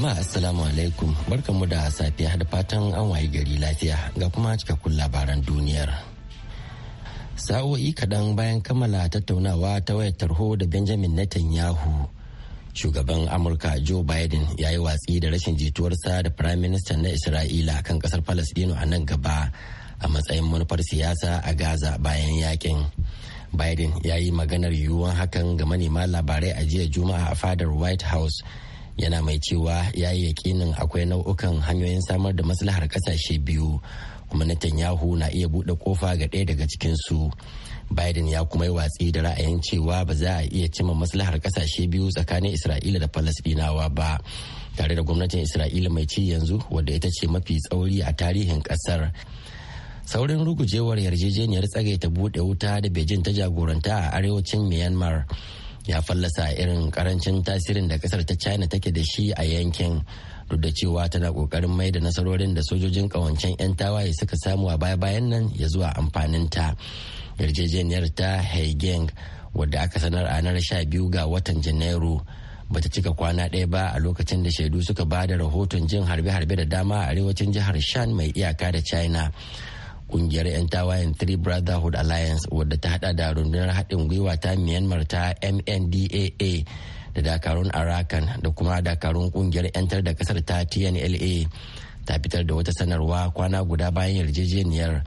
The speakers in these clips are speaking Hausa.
Jama'a Assalamu alaikum mu da safiya da fatan an wayi gari lafiya ga kuma cikakkun labaran duniyar. Sa'o'i kaɗan bayan kammala tattaunawa ta wayar tarho da Benjamin Netanyahu. Shugaban Amurka Joe Biden ya yi watsi da rashin jituwarsa da minister na Isra'ila kan ƙasar palestino a nan gaba a matsayin manufar siyasa a Gaza bayan yakin. Biden ya yi maganar yiwuwan hakan ga manema labarai a jiya Juma'a a fadar White House. yana mai cewa ya yi yakinin akwai nau'ukan hanyoyin samar da maslahar kasashe biyu kuma Netanyahu na iya buɗe kofa ga ɗaya daga cikin su Biden ya kuma yi watsi da ra'ayin cewa ba za a iya cimma maslahar kasashe biyu tsakanin Isra'ila da Falasɗinawa ba. Tare da gwamnatin Isra'ila mai ci yanzu wadda ita ce mafi tsauri a tarihin ƙasar. Saurin rugujewar yarjejeniyar tsagaita buɗe wuta da Beijing ta jagoranta a arewacin Myanmar. ya fallasa irin karancin tasirin da kasar ta china take da shi a yankin duk da cewa tana kokarin mai da nasarorin da sojojin kawancen 'yan tawaye suka samu a baya-bayan nan ya zuwa amfanin ta yarjejeniyar ta haigeng wadda aka sanar a ranar 12 ga watan janairu bata cika kwana ɗaya ba a lokacin da shaidu suka ba da rahoton jin harbe-harbe da dama a arewacin jihar shan mai iyaka da china kungiyar 'yan tawayen three brotherhood alliance wadda ta hada da rundunar haɗin gwiwa ta myanmar ta mndaa da dakarun arakan da kuma dakarun kungiyar 'yantar da kasar ta tnla ta fitar da wata sanarwa kwana guda bayan yarjejeniyar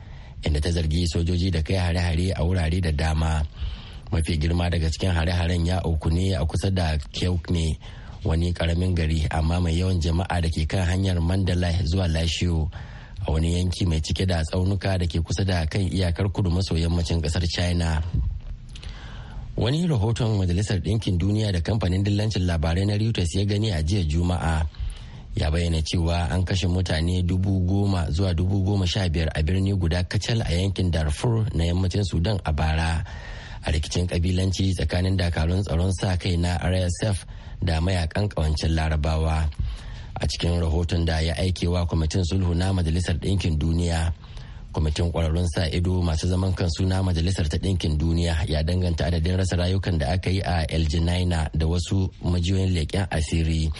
inda ta zargi sojoji da kai hare-hare a wurare da dama mafi girma daga cikin hare-haren ya auku ne a kusa da keuk wani karamin gari amma mai yawan jama'a da ke kan hanyar mandalay zuwa lashiyo a wani yanki mai cike da tsaunuka da ke kusa da kan iyakar kudu maso yammacin kasar china wani rahoton majalisar ɗinkin duniya da kamfanin dillancin labarai na reuters ya gani a jiya juma'a ya bayyana cewa an kashe mutane dubu goma zuwa dubu goma sha biyar a birni guda kacal a yankin darfur na yammacin sudan a bara a rikicin kabilanci tsakanin dakarun tsaron sa kai na rsf da mayakan kawancin larabawa a cikin rahoton da ya aikewa kwamitin sulhu na majalisar ɗinkin duniya kwamitin ƙwararrun sa ido masu zaman kansu na majalisar ta ɗinkin duniya ya danganta adadin rasa rayukan da aka yi a el da wasu majiyoyin leƙen asiri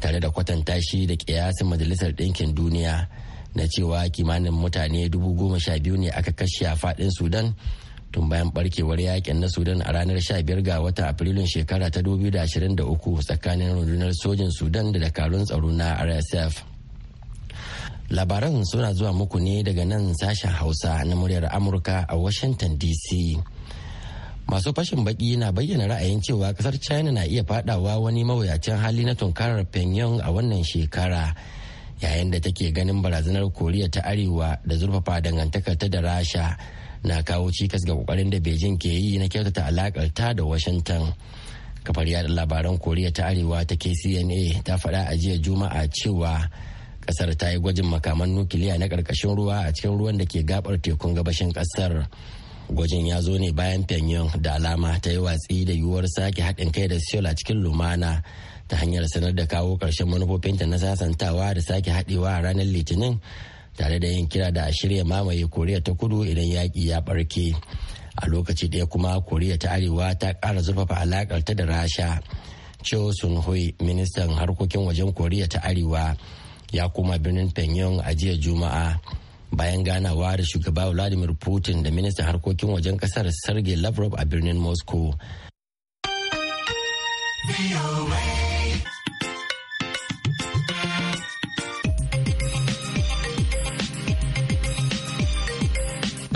tare da kwatanta shi da ƙiyasin majalisar ɗinkin duniya na cewa kimanin mutane dubu goma sha biyu ne aka kashe a faɗin sudan tun bayan barkewar yakin na sudan a ranar 15 ga wata afrilun shekara ta 2023 tsakanin rundunar sojin sudan da dakarun tsaro na rsf labaran suna zuwa muku ne daga nan sashen hausa na muryar amurka a washington dc masu fashin baki na bayyana ra'ayin cewa kasar china na iya fadawa wani mawuyacin hali na tunkarar pyongyang a wannan shekara yayin da take ganin barazanar koriya ta arewa da zurfafa dangantakar ta da rasha na kawo cikas ga kokarin da beijing ke yi na kyautata alakar ta da washington kafar yada labaran koriya ta arewa ta kcna ta faɗa a jiya juma'a cewa kasar ta yi gwajin makaman nukiliya na ƙarƙashin ruwa a cikin ruwan da ke gabar tekun gabashin kasar gwajin ya zo ne bayan pyongyang da alama ta yi watsi da yiwuwar sake haɗin kai da seoul a cikin lumana ta hanyar sanar da kawo ƙarshen manufofinta na sasantawa da sake haɗewa a ranar litinin tare da yin kira da a shirya mamaye koriya ta kudu idan yaƙi ya ɓarke a lokaci ɗaya kuma koriya ta arewa ta ƙara zurfafa alaƙar ta da rasha cho sun hui ministan harkokin wajen koriya ta arewa ya koma birnin pyongyang a jiya juma'a bayan ganawa da shugaba vladimir putin da ministan harkokin wajen ƙasar sergei lavrov a birnin moscow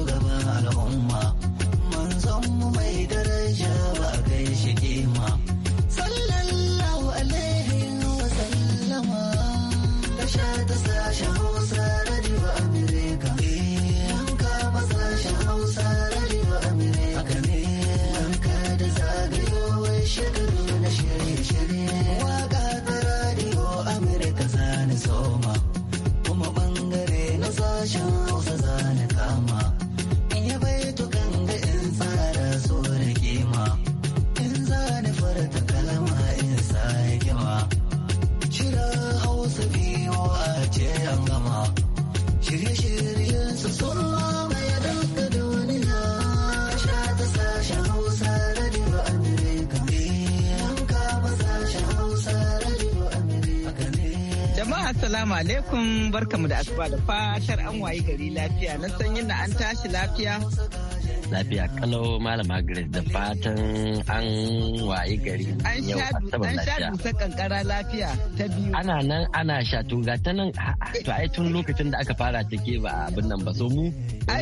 shugaban al'umma manzon mu mai da Assalamu alaikum. alaikum barkamu da asuba da fatar an wayi gari lafiya na san yadda an tashi lafiya. Lafiya kalau malama Grace da fatan an wayi gari yau asabar lafiya. An sha dusa kankara lafiya ta biyu. Ana nan ana sha tun ga ta nan to ai tun lokacin da aka fara ta ke ba abin nan ba so mu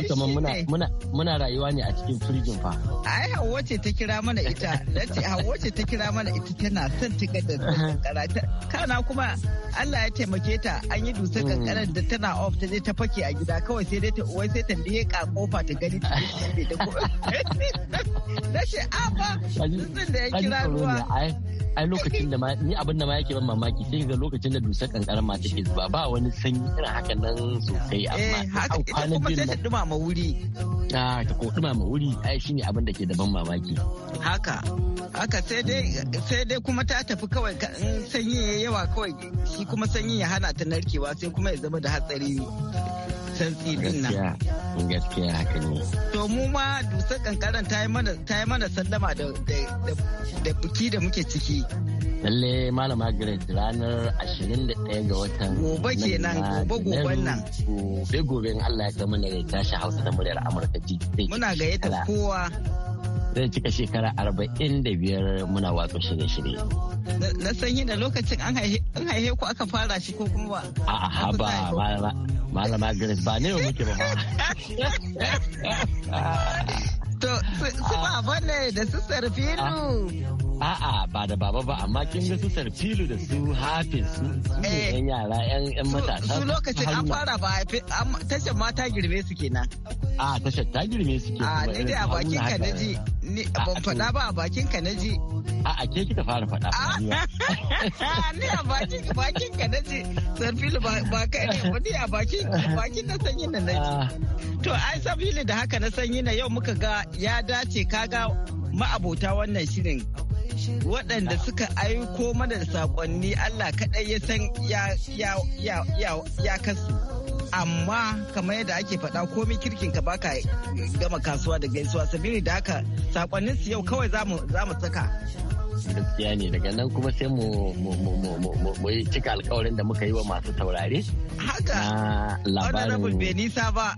kamar muna muna muna rayuwa ne a cikin firjin fa. Ai Hauwa ce ta kira mana ita nace Hauwa ce ta kira mana ita tana son ta ga da kankara kana kuma Allah ya taimake ta an yi sai kankanar da tana off ta ne ta fake a gida kawai sai dai ta wai sai ta ka kofa ta gani ta da na shi a ba da ya kira ruwa ai lokacin da ni abin da ma yake ban mamaki sai ga lokacin da dusar kankara ma take zuba ba wani sanyi irin haka nan sosai amma eh, a kuma biyu ta dumama wuri ta ah, ta ko dumama wuri ai shine abin da ke da ban mamaki haka haka sai dai sai dai kuma ta tafi kawai sanyi yawa kawai shi kuma sanyi ya hana ta narkewa sai kuma ya zama da hatsari santsi din nan gaskiya haka ne to mu ma dusar kankaran ta yi mana sallama da da, da muke ciki lalle malama Gret ranar 21 ga watan gobe kenan gobe goben nan gobe goben Allah ya kama mana ya tashi Hausa da muryar Amurka ji muna gayyatar kowa Sai cika shekara arba'in da biyar muna watsa shirye-shirye. Na sanyi da lokacin an haihe ku aka fara shi ko kuma ba. A'a ba malama Grace ba ne muke ba. To su ba bane da su sarfinu. Ah. A'a ba da baba ba amma kin ga su Sarfilu da su Hafiz su eh. yan yara yan matasa. Su lokacin an fara ba tashar ma ta girme su kenan. A tashar ta girme su kenan. A ni dai a bakin ka na ji ban faɗa ba a bakin ka na ji. A a ke kika fara faɗa. Ah. Ni a bakin bakin ka na ji Sarfilu ba kai ne ba. Ni a bakin bakin na sanyi na na ji. Ah. To ai Sarfilu da haka na sanyi na yau muka ga ya dace kaga ma'abota wannan shirin waɗanda suka aiko mana da saƙonni Allah kaɗai ya san ya kasu. Amma kamar yadda ake faɗa komi kirkin ka baka gama kasuwa da gaisuwa sabili da haka saƙonnin su yau kawai za mu saka. Gaskiya ne daga nan kuma sai mu yi cika alkawarin da muka yi wa masu taurari. Haka, wani rabin ba.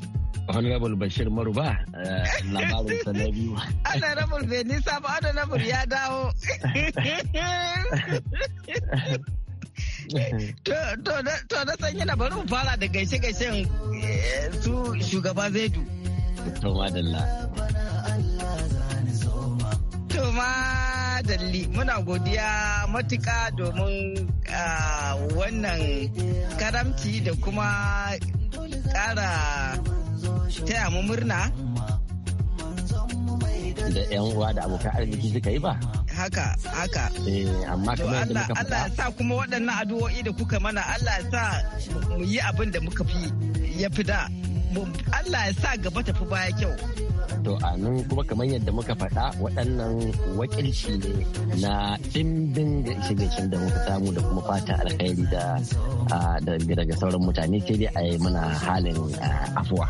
honorable bashir maruba eh, labarin sa na biyu honorable bai nisa ba honorable ya dawo to na san yana bari mu fara da gaishe gaishe eh, su shugaba zaidu to madalla to madalli muna godiya matuka domin ah, wannan karamci da kuma ƙara taya mu murna da yan uwa da abokan arziki suka yi ba haka haka eh amma kuma yadda muka Allah ya sa kuma waɗannan addu'o'i da kuka mana Allah ya sa mu yi abin da muka fi yafi fi da Allah ya sa gaba tafi baya kyau. To amin kuma kamar yadda muka faɗa waɗannan wakilci ne na ɗimbin shige-shigen da muka samu da kuma fata alkhairi da daga sauran mutane sai dai a yi mana halin afuwa.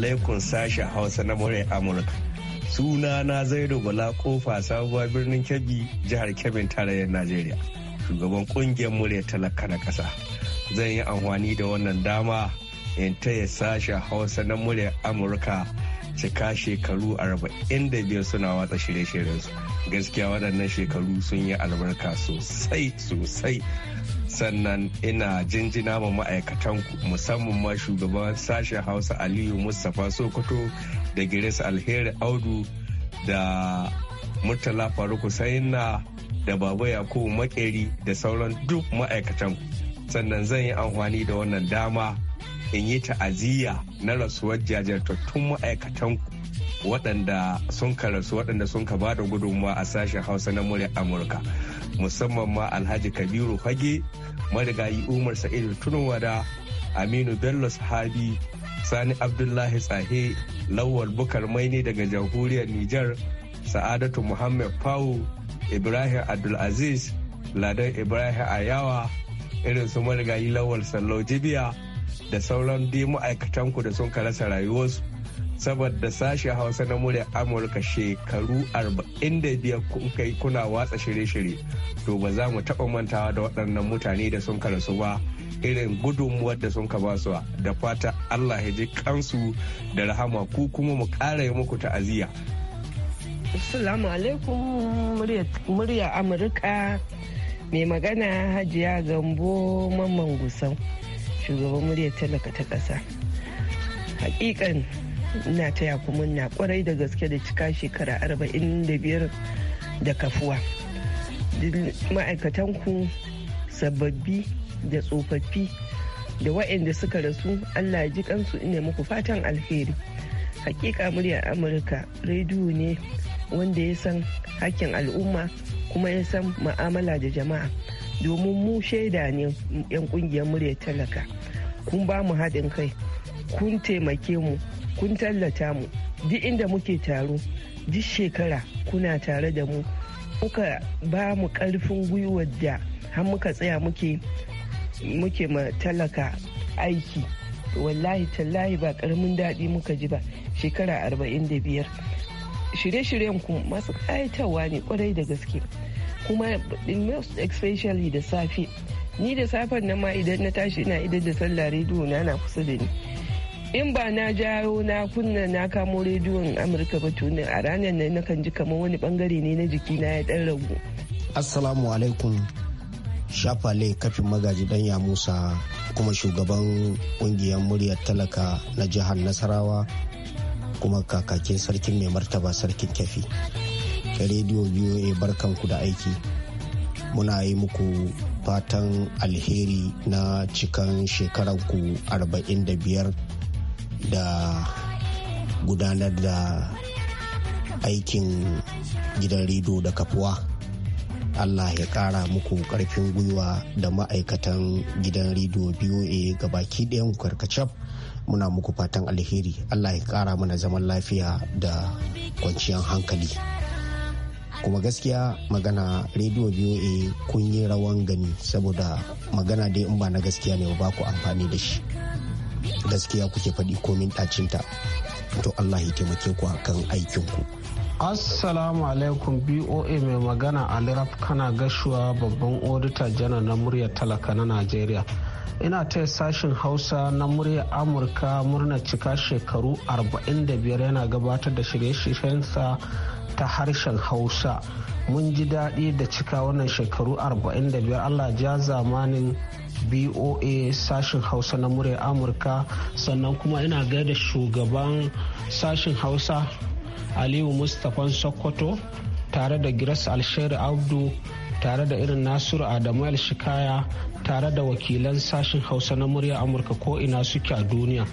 alaikum sashen Hausa na Murya Amurka. Suna na Zaidu Bala Kofa sabuwar birnin Kebbi jihar Kebbi tarayyar Najeriya. Shugaban kungiyar murya talaka na ƙasa. Zan yi amfani da wannan dama in taya sashen Hausa na Murya Amurka cika shekaru 45 suna watsa shirye-shiryensu. Gaskiya waɗannan shekaru sun yi albarka sosai sosai. sannan ina jinjina ma ma'aikatanku musamman ma shugaban sashen hausa aliyu mustapha sokoto da giris alheri audu da murtala faruku sayinna da baba yakubu makeri da sauran duk ma'aikatan sannan zan yi amfani da wannan dama in yi ta'aziyya na rasuwar jajirtattun ma'aikatan waɗanda sun ka rasu waɗanda sun ka ba da gudunmawa a sashen hausa na murya amurka musamman ma alhaji kabiru fage marigayi umar sa'id tunuwada aminu bello sahabi sani abdullahi sahe lawal bukar maini daga jamhuriyar Nijar sa'adatu muhammad pawu ibrahim abdulaziz ladan ibrahim ayawa irin su marigayi lawal sallau jibiya da sauran dai ma'aikatanku da sun karasa rayuwarsu saboda sashen hausa na murya amurka shekaru 45 kun kai kuna watsa shirye-shirye to ba za mu taɓa mantawa da waɗannan mutane da sun karasu ba irin gudunmuwar da sun ba su da fata allah ya ji kansu da rahama ku kuma mu ƙara yi muku ta'aziyya Assalamu alaikum murya Amurka mai magana hajiya gambo mamman gusau shugaban murya talaka ta ƙasa. Hakikan ina taya ku murna kwarai da gaske da cika shekara arba'in da biyar da kafuwa ma'aikatan ku sababbi da tsofaffi da wa'anda suka rasu allah ji kansu ina muku fatan alheri hakika muryar amurka rediyo ne wanda ya san hakkin al'umma kuma ya san ma'amala da jama'a domin mu shaida ne 'yan kungiyar murya talaka kun ba mu haɗin kai kun taimake mu kun tallata mu duk inda muke taro duk shekara kuna tare da mu kuka ba mu karfin gwiwar da har muka tsaya muke muke ma talaka aiki wallahi tallahi ba karamin daɗi muka ji ba shekara 45 shirye-shiryen ku masu ƙayatarwa ne kwarai da gaske kuma most especially da safe ni da safen nan ma idan na tashi ina idan da sallah rediyo na na kusa da ni in ba na jawo na kunna na kamo rediyon amurka ba tunin a ranar nan na kan ji kamar wani bangare ne na jiki na ya dan ragu assalamu alaikum shafale kafin magaji ya musa kuma shugaban kungiyar muryar talaka na jihar nasarawa kuma kakakin sarkin mai martaba sarkin kafi rediyo barkan barkanku da aiki muna yi muku fatan alheri na cikan shekaranku 45 da gudanar da aikin gidan rido da kafuwa Allah ya kara muku ƙarfin gwiwa da ma'aikatan gidan rido BOA ga baki ɗayan karkacaf muna muku fatan alheri Allah ya kara mana zaman lafiya da kwanciyar hankali kuma gaskiya magana rediyo BOA kun yi rawan gani saboda magana dai in ba na gaskiya ne ba ku amfani da shi gaskiya kuke faɗi komin ɗacinta to Allah ya taimake ku akan aikinku. Assalamu alaikum BOA mai magana Alirab kana gashuwa babban odita jana na muryar talaka na Najeriya. Ina taya sashen Hausa na muryar Amurka murna cika shekaru 45 yana gabatar da shirye-shiryensa ta harshen hausa mun ji daɗi da cika wannan shekaru 45 allah ja zamanin boa sashen hausa na murya amurka sannan kuma ina gaida shugaban sashen hausa aliyu mustapha sokoto tare da giras alsheri abdu tare da irin nasiru adamu shikaya tare da wakilan sashen hausa na murya amurka ko ina suke a duniya.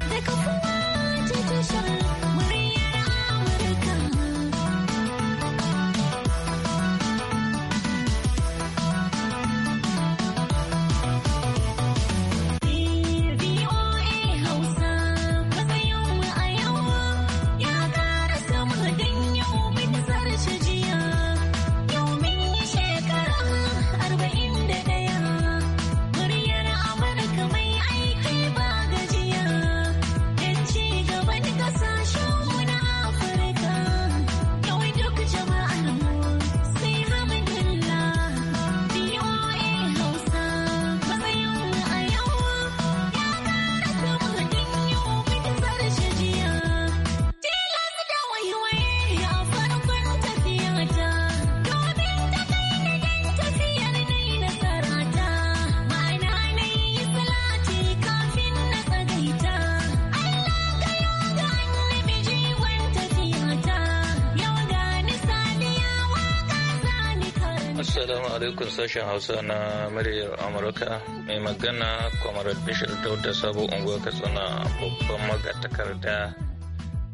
sashen Hausa na muryar Amurka mai magana Comrade Bishir Dauda Sabo unguwa Katsina babban magatakarda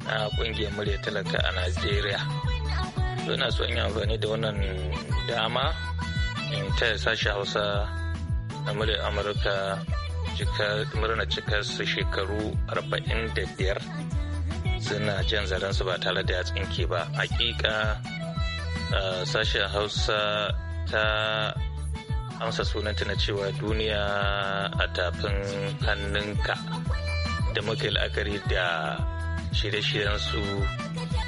na kungiyar murya talaka a Najeriya. Suna so yi amfani da wannan dama in taya sashen Hausa na muryar Amurka murna cikar su shekaru 45 suna jan zaren su ba tare da ya tsinke ba. Hakika eh, sashen Hausa ta amsa sunanta na cewa duniya a tafin hannunka da muka la'akari da shirye-shiryensu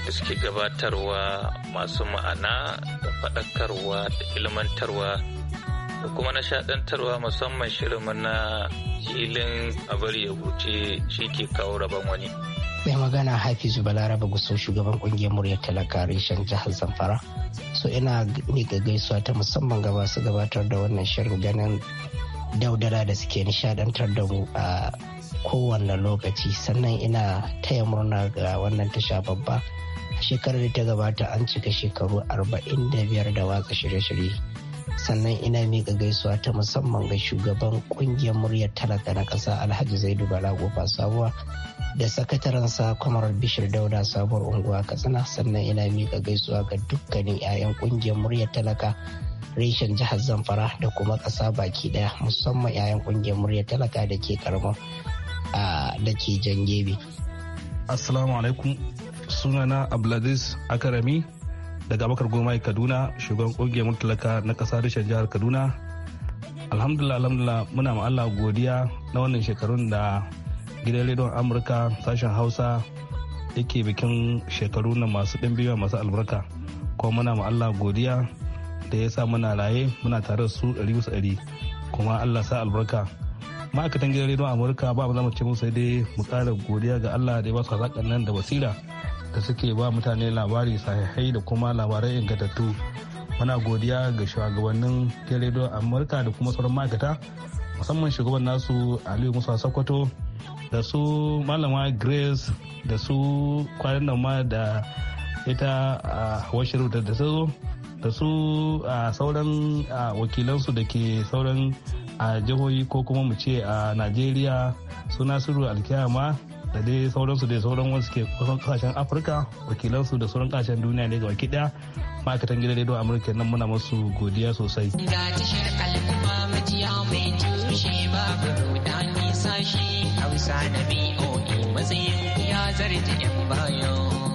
da suke gabatarwa masu ma'ana da faɗakarwa da ilmantarwa da kuma nishaɗantarwa musamman shirin na filin abar ya wuce shi ke kawo rabon wani. mai magana hafizu balaraba sau shugaban kungiyar muryar talaka reshen jihar zamfara so ina miƙa gaisuwa ta musamman gaba su gabatar da wannan shirin ganin daudala da suke nishadantar da mu a kowane lokaci sannan ina taya murna ga wannan tasha babba shekarar da ta gabata an cika shekaru 45 da watsa shirye-shirye sannan ina miƙa gaisuwa ta musamman ga shugaban ƙungiyar muryar talaka na ƙasa alhaji zaidu Bala. balagofa sabuwa da sakataransa kwamar bishir dauda sabuwar unguwa katsina sannan ina miƙa gaisuwa ga dukkanin 'ya'yan ƙungiyar muryar talaka reshen jihar zamfara da kuma ƙasa baki ɗaya musamman 'ya'yan ƙungiyar muryar talaka da ke karamar da ke jangebe. assalamu alaikum sunana abdulaziz akarami daga bakar goma kaduna shugaban kungiyar mutalaka na kasa rishon jihar kaduna alhamdulillah alhamdulillah muna ma allah godiya na wannan shekarun da gidan rediyon amurka sashen hausa yake bikin shekaru na masu biyu masu albarka kuma muna ma allah godiya da ya sa muna raye muna tare da su ɗari wasu ɗari kuma allah sa albarka ma'aikatan gidan rediyon amurka ba mu zama mu ce musu sai dai mu ƙara godiya ga allah da ya ba su hazaƙan nan da basira da suke ba mutane labari sahihai da kuma labarai ingantattu muna godiya ga shugabannin rediyon amurka da kuma sauran ma'aikata musamman shugaban nasu aliyu musa sokoto da su malama grace da su kwanan ma da ita a washiru da su da su a sauran wakilansu da ke sauran a jihohi ko kuma mu ce a najeriya su nasiru alkiyama da dai sauransu da sauran wasu ke kusan kasashen afirka wakilansu da sauran kasashen duniya ne ga waki daya ma'aikatan gidan rediyon amurka nan muna masu godiya sosai matsayin ya zarta yan bayan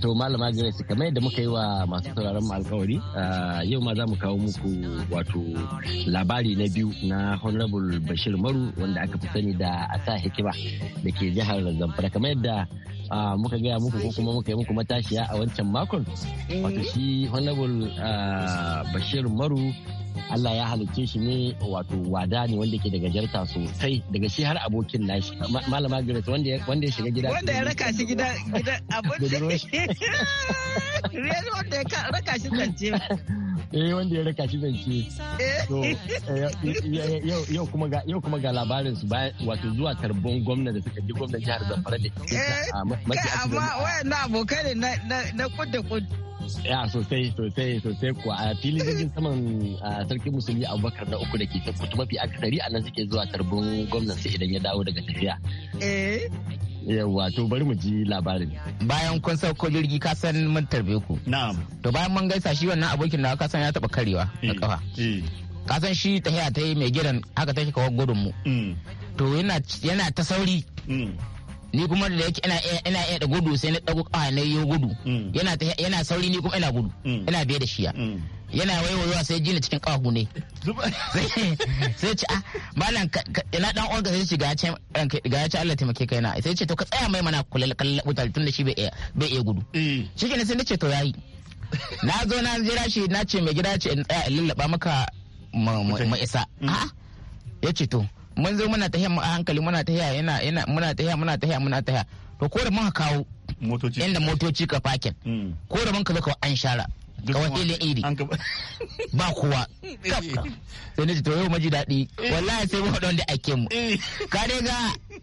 to malama grace kamar yadda muka yi wa masu sauraron alkawari yau ma za mu kawo muku wato labari na biyu na honorable bashir maru wanda aka fi sani da a asa hikima da ke jihar zamfara kamar yadda muka gaya muku ko kuma muka yi muku matashiya a wancan makon wato shi honorable bashir maru Allah ya halicce shi ne wato wada ne wanda ke daga jarta sosai daga shi har abokin nashi malama Grace wanda wanda ya shiga gida wanda ya raka shi gida gida abinci wanda ya raka shi zance eh wanda ya raka shi zance eh. eh, eh, yau kuma ga yau kuma ga labarin su ba wato zuwa tarbon gwamna da suka ji gwamnan jihar Zamfara da ah, a mace amma abokai ne na kudda kudda ya sosai sosai sosai kuwa a filin jirgin saman sarkin musulmi abubakar na uku da ke kutu mafi akasari a nan suke zuwa tarbin gwamnan idan ya dawo daga tafiya Yawwa to bari mu ji labarin. Bayan kun sauko jirgi ka san mun tarbe ku. Na'am. To bayan mun gaisa shi wannan abokin na ka san ya taba karewa eh, a kafa. Eh. Ka san shi haya ta yi mai gidan haka take kawo gudun mu. Mm. To yana yana ta sauri. Mm. Ni kuma da yake ina ina da gudu sai na dago kawai na yi gudu. Mm. Yana sauri ni kuma ina gudu. Ina biye da shi ya. yana waiwayowa sai jini cikin kawahu ne sai ce a ah, malam ina dan olga sai ce ga ya ce Allah taimake kai na sai ce to ka tsaya mai mana kula wutar tun da shi bai iya gudu eh. shi ne sai nace to yayi na zo na jira shi na ce mai gida ce in tsaya in lullaba maka ma isa mm. ah? ya ce to mun zo muna mu a hankali muna tahiya yana yana muna ta muna muna tahiya to ko da kawo motoci inda motoci ka fakin mm. ko da mun ka zo ka an shara kawai ile iri ba kowa sai na ce to yau maji daɗi eh. wallahi sai mu haɗon da ake mu eh. ka dai ga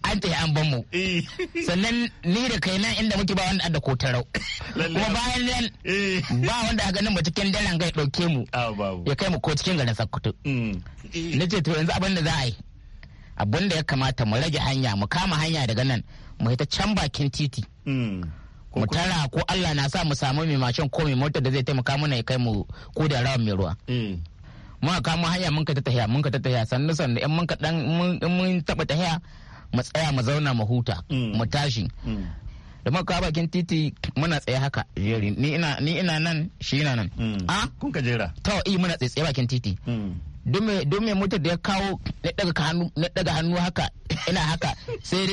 an tafi an ban mu eh. sannan ni da kai nan inda muke ba wanda adda ko tarau kuma bayan nan ba wanda a ganin cikin dalan gai ɗauke mu ah, ya kai mu ko cikin garin sakkwato mm. na ce to yanzu abin da za a yi abin da ya kamata mu rage hanya mu kama hanya daga nan mu ta can bakin titi mm. mu tara ko Allah na sa mu samu mai mashin ko mai motar da zai taimaka mana ya kai mu ko da rawan mai ruwa mm. ka kama hanya mun ka ta tahiya mun ka ta tahiya sannu sannu in mun ka dan mun taba tahiya mu tsaya mu zauna mu huta mm. mu tashi mm. da muka kawo bakin titi muna tsaye haka jeri ni ina ni ina nan shi ina nan ah? kun ka jera to i muna tsaye bakin titi duk mai motar da ya kawo na daga hannu haka ina haka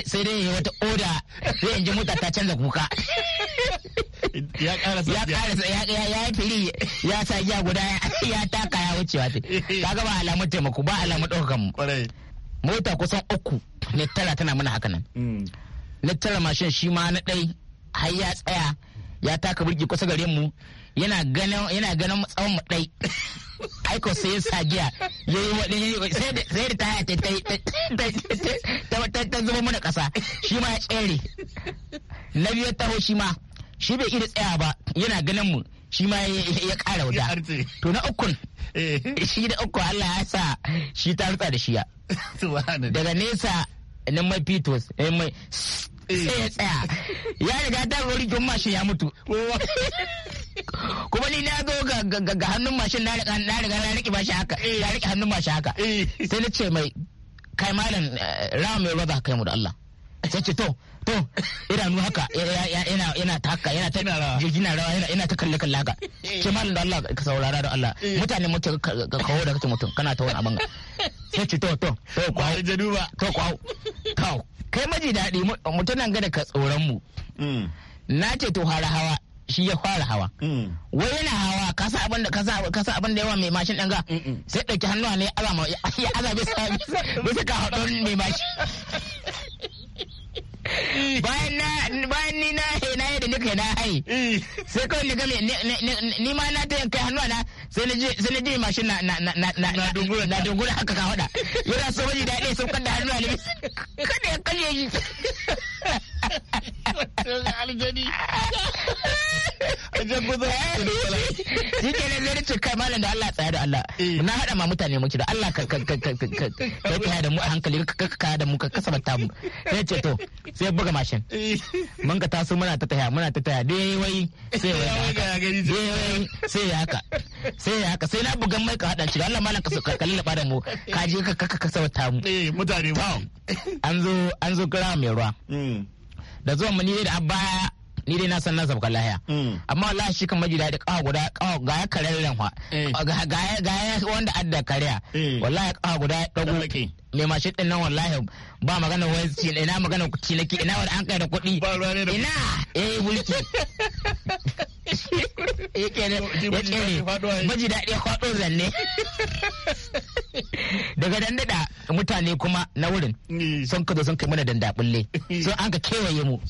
sai dai wata oda sai in ji mota ta canza kuka ya karasa ya ya fili ya sa giya guda ya taka ya wucewa ta kaga ba alamun taimako ba alamun ɗaukakan mu mota kusan uku ne tara tana mana haka nan mm. na tara mashin shi ma na ɗai har ya tsaya ya taka birki kusa gare mu yana ganin yana ganin tsawon mu dai aiko sai ya sa giya ya yi waɗin sai da ta ta ta zuba mana ƙasa shi ma ya tsere na biyu taho shi ma shi bai iya tsaya ba yana ganin mu shi ma ya ƙara wuta to na ukun eh. shi da uku Allah ya sa shi ta rutsa da shiya daga nesa na mafitos mai eh, eh. sai ya tsaya ya riga ta rori don mashin ya mutu kuma ni na zo ga hannun mashin na riga na riƙe mashi haka eh. na riƙe hannun mashi haka eh. sai na ce mai kai malam eh, rawa mai raba kai mu da Allah sai ce to to idanu haka yana yana ta haka yana ta yana rawa yana ta kalle kalle haka ce malam da Allah ka saurara da Allah mutane mutu ka kawo da kace mutum kana ta wani abin sai ce to to to kwawo to kwawo to kai maji daɗi mutunan ga da ka tsoron mu mm. na ce to hara hawa shi ya fara hawa mm. wai yana hawa kasa abin da kasa abin da yawa mai mashin ɗanga sai ɗauki hannuwa ne azama ya azabi bisa ka haɗon mai mashin bayan na bayan ni na he na da nika na hai mm. sai kawai ni game ni ma na ta kai hannuwa na sai na ji mashin na na na na na dungura na dungura haka ka hada yana so da daɗi sun kada hannuwa ne kada ya kalle shi aljani ajan guzo shi ke nan zai ce kai malam da Allah tsaya da Allah na hada ma mutane mu da Allah ka kai da mu a hankali ka ka da mu ka kasabata mu sai ce to sai buga mashin mun ka taso muna ta taya muna ta taya dai wai sai wai dai wai sai ya haka sai ya haka sai na bugan mai ka hada shi Allah malam ka saka lallaba da mu ka je ka kasabata mu mutane an zo an zo kira mai ruwa da zuwan mu ni dai da baya ni dai na san na sabkan lahiya mm. amma wallahi shi kan maji da kawa guda kawa ga ya ran fa eh. ga ya ga wanda adda kariya eh. wallahi kawa guda ya dago mai mashin din nan wallahi ba magana wai shi ina magana ci nake ina wani an kai da kuɗi ina eh bulki ya kere maji daɗi kwaɗo zanne daga dandada mutane kuma na wurin sun ka zo sun kai mana danda bulle sun an ka kewaye mu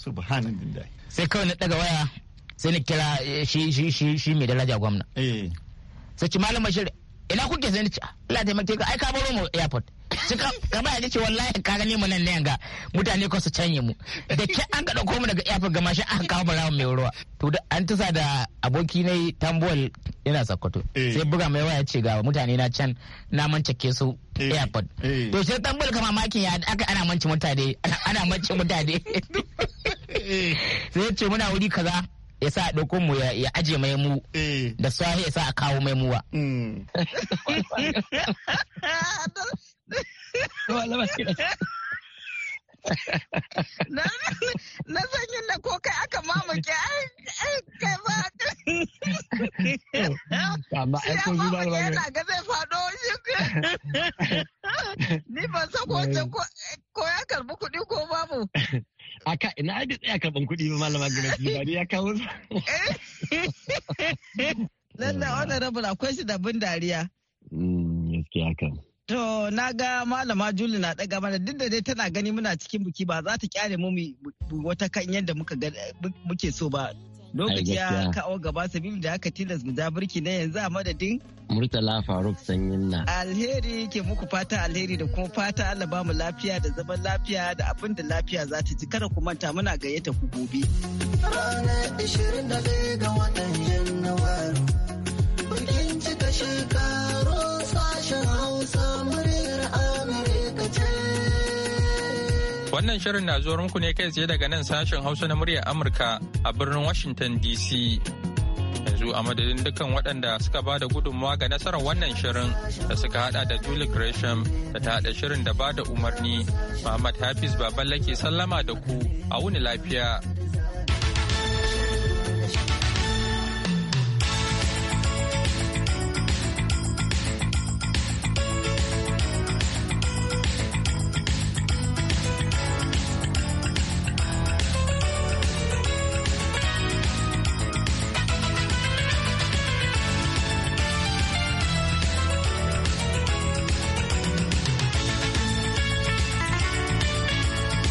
sai kawai na daga waya sai na kira eh, shi shi shi mai daraja gwamna eh. sai ci malama shirin ina kuke zan ci Allah taimake ka ai ka baro mu airport ka ba ya ce wallahi ka gani mu nan ne ga mutane ko su canye mu da ke an ga dauko mu daga airport ga mashin aka kawo mu rawun mai ruwa to da an tusa da aboki ne tambol yana sakkwato eh. sai buga mai waya ce ga mutane na can na mancake su eh. airport eh. to sai tambol kama makin ya aka ana mance mutane ana mance mutane sai ce muna wuri kaza ya sa a mu ya aje mai mu eh. da sahi ya sa a kawo mai muwa. Hmm. Na san yin da ko kai aka mamake ai kai ba amma ai ko zuba ba yana ga zai fado shi ni ban san ko eh. ya karbi kuɗi ko babu Aka ina ai da tsaya karɓan kuɗi ba malama gina shi ba ya kawo su. Lalla na akwai shi da bin dariya. Mm, gaskiya kan. To na ga malama Juli na ɗaga mana duk da dai tana gani muna cikin buki ba za ta kyale mu wata kan yadda muke so ba lokaci ya kawo gaba sabili da aka tilas mu birki na yanzu a madadin murtala faruk sanyin na alheri ke muku fata alheri da kuma fata allah ba mu lafiya da zaman lafiya da abin da lafiya za ta ji kada ku manta muna gayyata ku gobe ranar ga Wannan shirin na zuwa muku ne kai tsaye daga nan sashen Hausa na muryar Amurka a birnin Washington DC. Yanzu a madadin dukkan waɗanda suka ba da gudunmawa ga nasarar wannan shirin da suka hada da Julie Gresham da ta hada shirin da ba da umarni. Muhammad Hafiz Baballa ke sallama da ku a wuni lafiya.